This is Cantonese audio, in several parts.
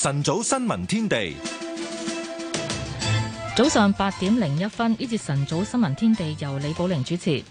晨早新聞天地，早上八點零一分，呢節晨早新聞天地由李寶玲主持。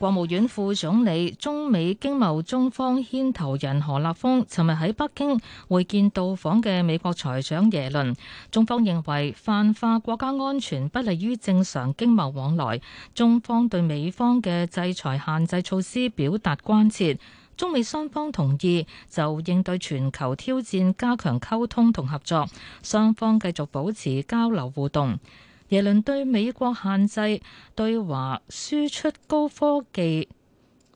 國務院副總理、中美經貿中方牽頭人何立峰，尋日喺北京會見到訪嘅美國財長耶倫。中方認為，泛化國家安全不利於正常經貿往來，中方對美方嘅制裁限制措施表達關切。中美雙方同意，就應對全球挑戰加強溝通同合作，雙方繼續保持交流互動。耶倫對美國限制對華輸出高科技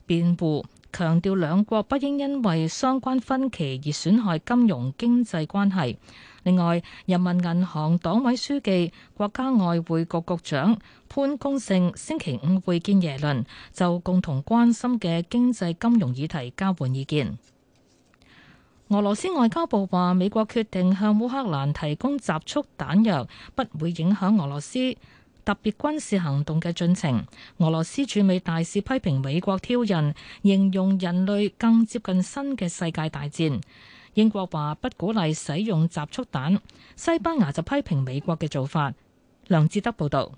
辯護，強調兩國不應因為相關分歧而損害金融經濟關係。另外，人民銀行黨委書記、國家外匯局局長潘功勝星期五會見耶倫，就共同關心嘅經濟金融議題交換意見。俄羅斯外交部話美國決定向烏克蘭提供集束彈藥不會影響俄羅斯特別軍事行動嘅進程。俄羅斯駐美大使批評美國挑釁，形容人類更接近新嘅世界大戰。英國話不鼓勵使用集束彈，西班牙就批評美國嘅做法。梁志德報道，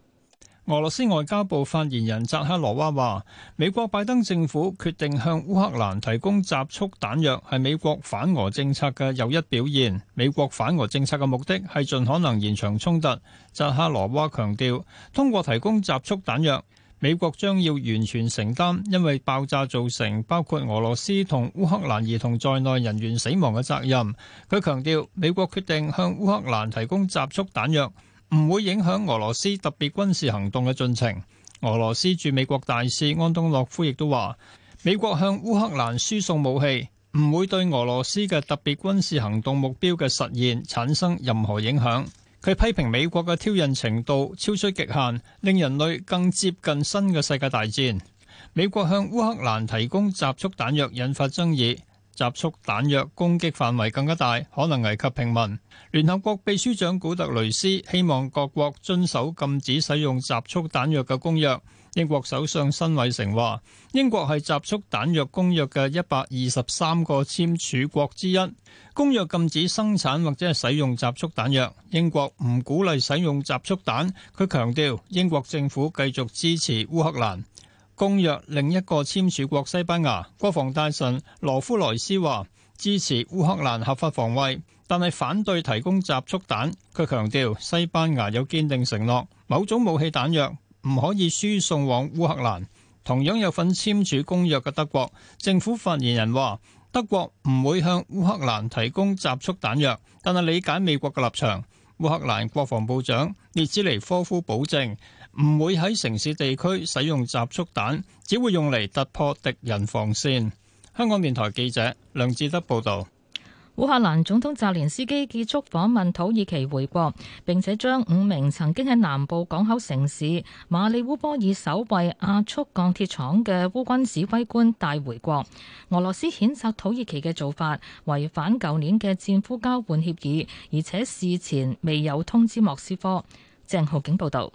俄羅斯外交部發言人扎哈羅娃話：美國拜登政府決定向烏克蘭提供集束彈藥，係美國反俄政策嘅又一表現。美國反俄政策嘅目的係盡可能延長衝突。扎哈羅娃強調，通過提供集束彈藥，美國將要完全承擔因為爆炸造成包括俄羅斯同烏克蘭兒童在內人員死亡嘅責任。佢強調，美國決定向烏克蘭提供集束彈藥，唔會影響俄羅斯特別軍事行動嘅進程。俄羅斯駐美國大使安東諾夫亦都話：美國向烏克蘭輸送武器，唔會對俄羅斯嘅特別軍事行動目標嘅實現產生任何影響。佢批評美國嘅挑釁程度超出極限，令人類更接近新嘅世界大戰。美國向烏克蘭提供集束彈藥，引發爭議。集束彈藥攻擊範圍更加大，可能危及平民。聯合國秘書長古特雷斯希望各國遵守禁止使用集束彈藥嘅公約。英國首相辛偉誠話：英國係集束彈藥公約嘅一百二十三個簽署國之一，公約禁止生產或者係使用集束彈藥。英國唔鼓勵使用集束彈，佢強調英國政府繼續支持烏克蘭。公約另一個簽署國西班牙國防大臣羅夫萊斯話：支持烏克蘭合法防衛，但係反對提供集束彈。佢強調西班牙有堅定承諾，某種武器彈藥唔可以輸送往烏克蘭。同樣有份簽署公約嘅德國政府發言人話：德國唔會向烏克蘭提供集束彈藥，但係理解美國嘅立場。烏克蘭國防部長列茲尼科夫保證唔會喺城市地區使用集束彈，只會用嚟突破敵人防線。香港電台記者梁志德報道。烏克蘭總統澤連斯基結束訪問土耳其回國，並且將五名曾經喺南部港口城市馬里烏波爾守衛亞速鋼鐵廠嘅烏軍指揮官帶回國。俄羅斯譴責土耳其嘅做法違反舊年嘅戰俘交換協議，而且事前未有通知莫斯科。鄭浩景報道。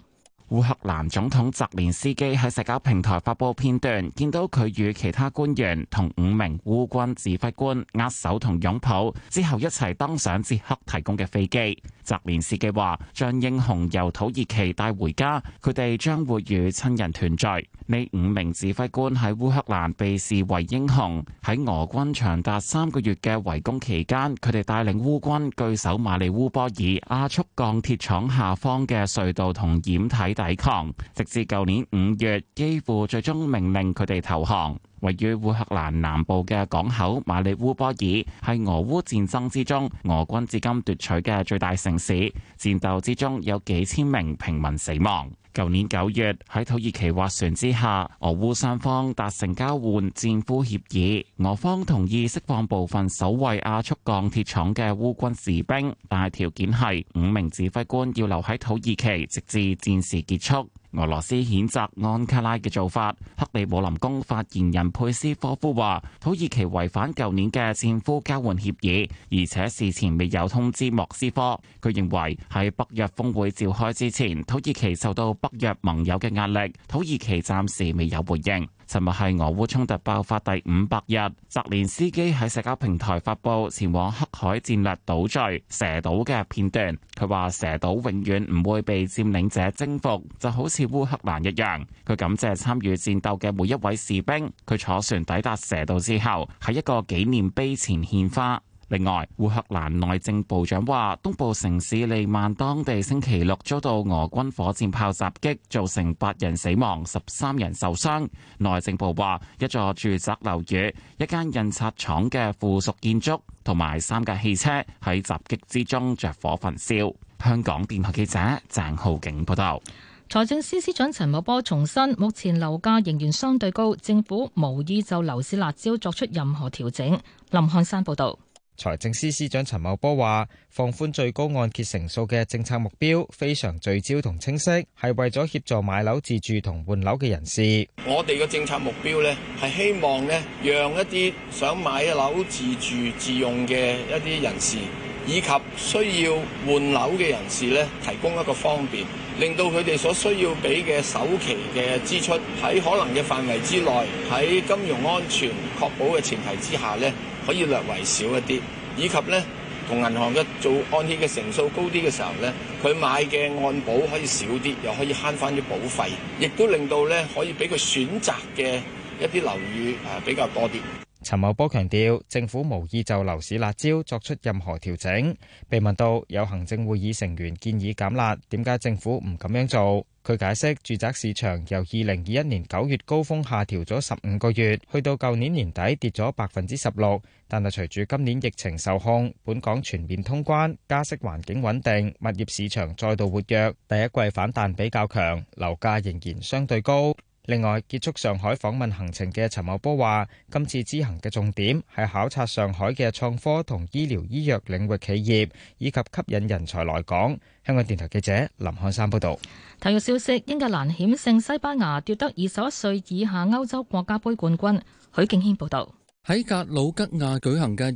烏克蘭總統澤連斯基喺社交平台發佈片段，見到佢與其他官員同五名烏軍指揮官握手同擁抱，之後一齊登上捷克提供嘅飛機。澤連斯基話：將英雄由土耳其帶回家，佢哋將會與親人團聚。呢五名指揮官喺烏克蘭被視為英雄，喺俄軍長達三個月嘅圍攻期間，佢哋帶領烏軍據守馬里烏波爾阿速鋼鐵廠下方嘅隧道同掩體抵抗，直至舊年五月，幾乎最終命令佢哋投降。位於烏克蘭南部嘅港口馬里烏波爾係俄烏戰爭之中俄軍至今奪取嘅最大城市，戰鬥之中有幾千名平民死亡。舊年九月喺土耳其斡旋之下，俄烏三方達成交換戰俘協議，俄方同意釋放部分守衛亞速鋼鐵廠嘅烏軍士兵，但係條件係五名指揮官要留喺土耳其直至戰事結束。俄羅斯譴責安卡拉嘅做法。克里姆林宮發言人佩斯科夫話：土耳其違反舊年嘅戰俘交換協議，而且事前未有通知莫斯科。佢認為喺北約峰會召開之前，土耳其受到北約盟友嘅壓力。土耳其暫時未有回應。尋日係俄烏衝突爆發第五百日，澤連斯基喺社交平台發布前往黑海戰略島嶼蛇島嘅片段。佢話蛇島永遠唔會被佔領者征服，就好似烏克蘭一樣。佢感謝參與戰鬥嘅每一位士兵。佢坐船抵達蛇島之後，喺一個紀念碑前獻花。另外，烏克蘭內政部長話，東部城市利曼當地星期六遭到俄軍火箭炮襲擊，造成八人死亡、十三人受傷。內政部話，一座住宅樓宇、一間印刷廠嘅附屬建築同埋三架汽車喺襲擊之中着火焚燒。香港電台記者鄭浩景報道。財政司司長陳茂波重申，目前樓價仍然相對高，政府無意就樓市辣招作出任何調整。林漢山報道。財政司司長陳茂波話：放寬最高按揭成數嘅政策目標非常聚焦同清晰，係為咗協助買樓自住同換樓嘅人士。我哋嘅政策目標呢，係希望呢，讓一啲想買樓自住自用嘅一啲人士，以及需要換樓嘅人士呢，提供一個方便，令到佢哋所需要俾嘅首期嘅支出喺可能嘅範圍之內，喺金融安全確保嘅前提之下呢，可以略為少一啲，以及咧，同銀行嘅做按揭嘅成數高啲嘅時候咧，佢買嘅按保可以少啲，又可以慳翻啲保費，亦都令到咧可以俾佢選擇嘅一啲樓宇誒、呃、比較多啲。陳茂波強調，政府無意就樓市辣招作出任何調整。被問到有行政會議成員建議減辣，點解政府唔咁樣做？佢解釋，住宅市場由二零二一年九月高峰下調咗十五個月，到去到舊年年底跌咗百分之十六。但係隨住今年疫情受控，本港全面通關，加息環境穩定，物業市場再度活躍，第一季反彈比較強，樓價仍然相對高。另外，結束上海訪問行程嘅陳茂波話，今次之行嘅重點係考察上海嘅創科同醫療醫藥領域企業，以及吸引人才來港。香港電台記者林漢山報導。體育消息：英格蘭險勝西班牙，奪得二十一歲以下歐洲國家盃冠軍。許敬軒報導。喺格魯吉亞舉行嘅二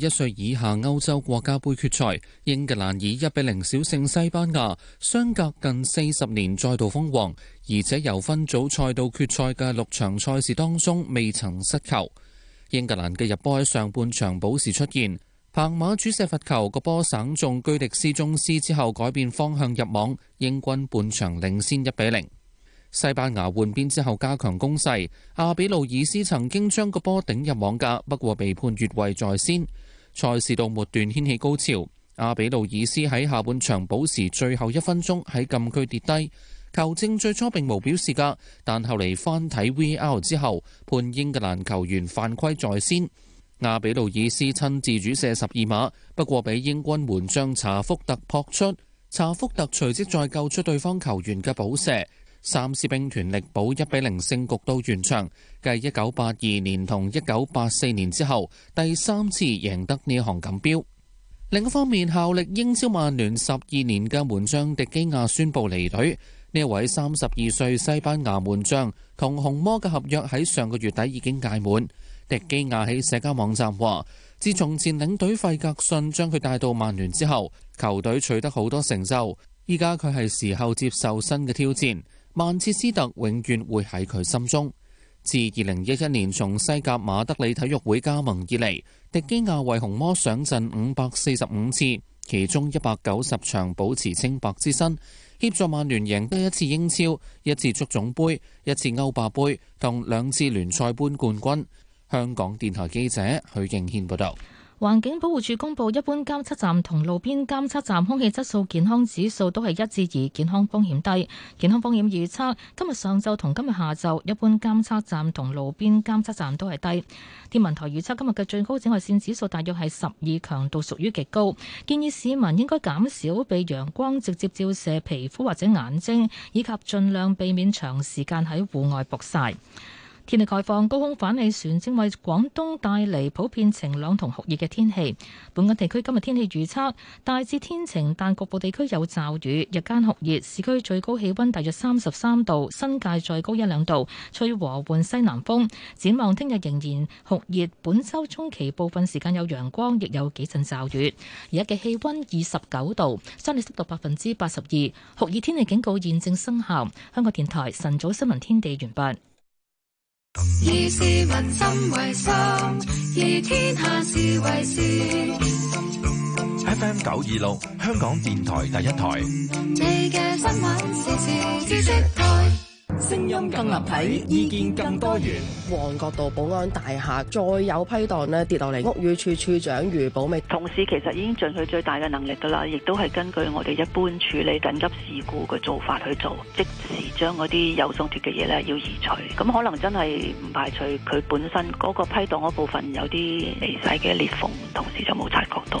十一歲以下歐洲國家盃決賽，英格蘭以一比零小勝西班牙，相隔近四十年再度封王，而且由分組賽到決賽嘅六場賽事當中未曾失球。英格蘭嘅入波喺上半場補時出現，彭馬主射罰球個波省中居迪斯宗斯之後改變方向入網，英軍半場領先一比零。西班牙換邊之後加強攻勢，阿比路爾斯曾經將個波頂入網架，不過被判越位在先。賽事到末段掀起高潮，阿比路爾斯喺下半場保持最後一分鐘喺禁區跌低，球證最初並冇表示噶，但後嚟翻睇 VAR 之後判英格蘭球員犯規在先。阿比路爾斯親自主射十二碼，不過俾英軍門將查福特撲出，查福特隨即再救出對方球員嘅補射。三獅兵團力保一比零勝局到完場，繼一九八二年同一九八四年之後第三次贏得呢項錦標。另一方面，效力英超曼聯十二年嘅門將迪基亞宣布離隊。呢位三十二歲西班牙門將同紅魔嘅合約喺上個月底已經屆滿。迪基亞喺社交網站話：自從前領隊費格遜將佢帶到曼聯之後，球隊取得好多成就。依家佢係時候接受新嘅挑戰。曼徹斯特永遠會喺佢心中。自二零一一年從西甲馬德里體育會加盟以嚟，迪基亞為紅魔上陣五百四十五次，其中一百九十場保持清白之身，協助曼聯贏得一次英超、一次足總杯、一次歐霸杯同兩次聯賽杯冠軍。香港電台記者許敬軒報道。環境保護署公布，一般監測站同路邊監測站空氣質素健康指數都係一至二，健康風險低。健康風險預測今日上晝同今日下晝，一般監測站同路邊監測站都係低。天文台預測今日嘅最高紫外線指數大約係十二，強度屬於極高，建議市民應該減少被陽光直接照射皮膚或者眼睛，以及盡量避免長時間喺戶外曝曬。天氣概況，高空反氣旋正為廣東帶嚟普遍晴朗同酷熱嘅天氣。本港地區今日天，天氣預測大致天晴，但局部地區有驟雨，日間酷熱，市區最高氣温大約三十三度，新界再高一兩度，吹和緩西南風。展望聽日仍然酷熱，本週中期部分時間有陽光，亦有幾陣驟雨。而家嘅氣温二十九度，相對濕度百分之八十二，酷熱天氣警告現正生效。香港電台晨早新聞天地完畢。以市民心為心，以天下事為事。F M 九二六， 26，香港電台第一台。 你嘅新聞時時知識台。聲音更立體，意見更多元。旺角道保安大廈再有批盪呢跌落嚟，屋宇署署長余寶美，同事其實已經盡佢最大嘅能力㗎喇，亦都係根據我哋一般處理緊急事故嘅做法去做，即時將嗰啲有鬆脫嘅嘢呢要移除。咁可能真係唔排除佢本身嗰個批盪嗰部分有啲微細嘅裂縫，同事就冇察覺到。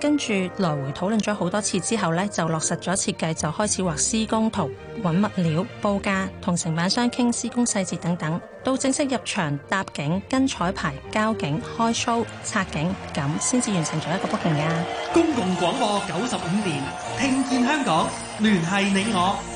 跟住來回討論咗好多次之後呢，就落實咗設計，就開始畫施工圖、揾物料、報價、同承建商傾施工細節等等，到正式入場搭景、跟彩排、交警、開 s 拆景，咁先至完成咗一個步行架。公共廣播九十五年，聽見香港，聯繫你我。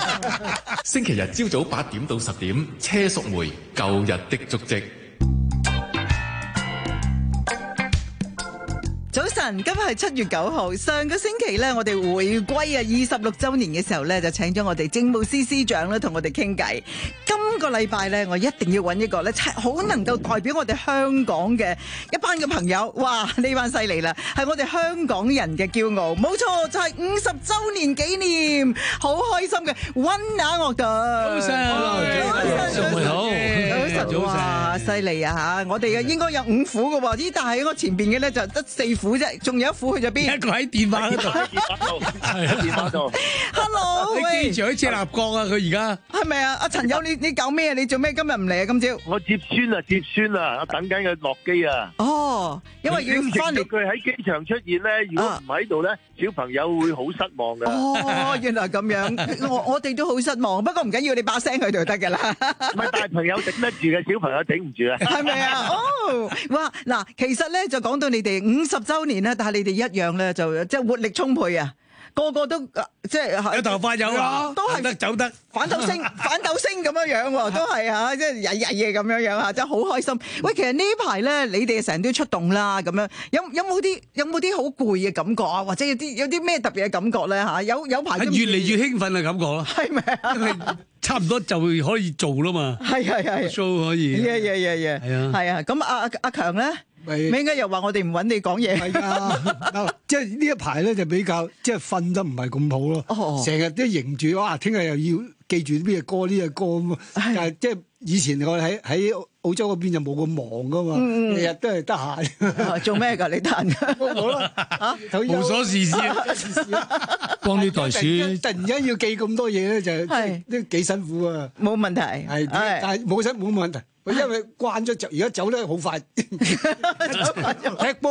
星期日朝早八點到十點，車淑梅舊日的足跡。早晨，今日係七月九號。上個星期呢，我哋回歸啊二十六週年嘅時候呢，就請咗我哋政務司司長咧同我哋傾偈。今今個禮拜咧，我一定要揾一個咧，好能夠代表我哋香港嘅一班嘅朋友。哇，呢班犀利啦，係我哋香港人嘅驕傲。冇錯，就係五十周年紀念，好開心嘅温拿樂隊。好，犀利啊吓！我哋嘅應該有五虎㗎喎，咦但係我前邊嘅咧就得四虎啫，仲有一虎去咗邊？一個喺電話度，係電話度。Hello，喂。你堅持喺啊？佢而家係咪啊？阿陳友，你你。有咩啊？你做咩今日唔嚟啊？今朝我接孫啊，接孫啊，我等緊佢落機啊。哦，因為要翻嚟，佢喺機場出現咧，如果唔喺度咧，小朋友會好失望噶。哦，原來咁樣，我我哋都好失望。不過唔緊要，你把聲佢就得噶啦。唔係大朋友頂得住嘅，小朋友頂唔住啊？係咪啊？哦，哇！嗱，其實咧就講到你哋五十週年啦，但係你哋一樣咧就即係活力充沛啊。個個都即係有頭髮有啊，都係得走得反斗星，反斗星咁樣樣喎，都係啊，即係日日夜夜咁樣樣嚇，真係好開心。喂，其實呢排咧，你哋成日都要出動啦，咁樣有有冇啲有冇啲好攰嘅感覺啊？或者有啲有啲咩特別嘅感覺咧嚇？有有排越嚟越興奮嘅感覺咯，係咪？差唔多就可以做啦嘛，係係係 show 可以，係係係係係啊，係啊，咁阿阿阿強咧。唔應該又話我哋唔揾你講嘢。係啊，即係呢一排咧就比較即係瞓得唔係咁好咯。成日、oh. 都迎住哇，聽日又要記住呢啲歌呢啲歌咁 Hey. 但係即係以前我哋喺喺澳洲嗰邊就冇咁忙㗎嘛，日日、mm, 都係得閒。做咩㗎？ 你得閒？哦？好咯，無所事事，啊，幫呢袋鼠。突然間要記咁多嘢咧，就都幾辛苦啊！冇問題，係但係冇乜冇問題。我因為慣咗而家走咧好快， 踢波。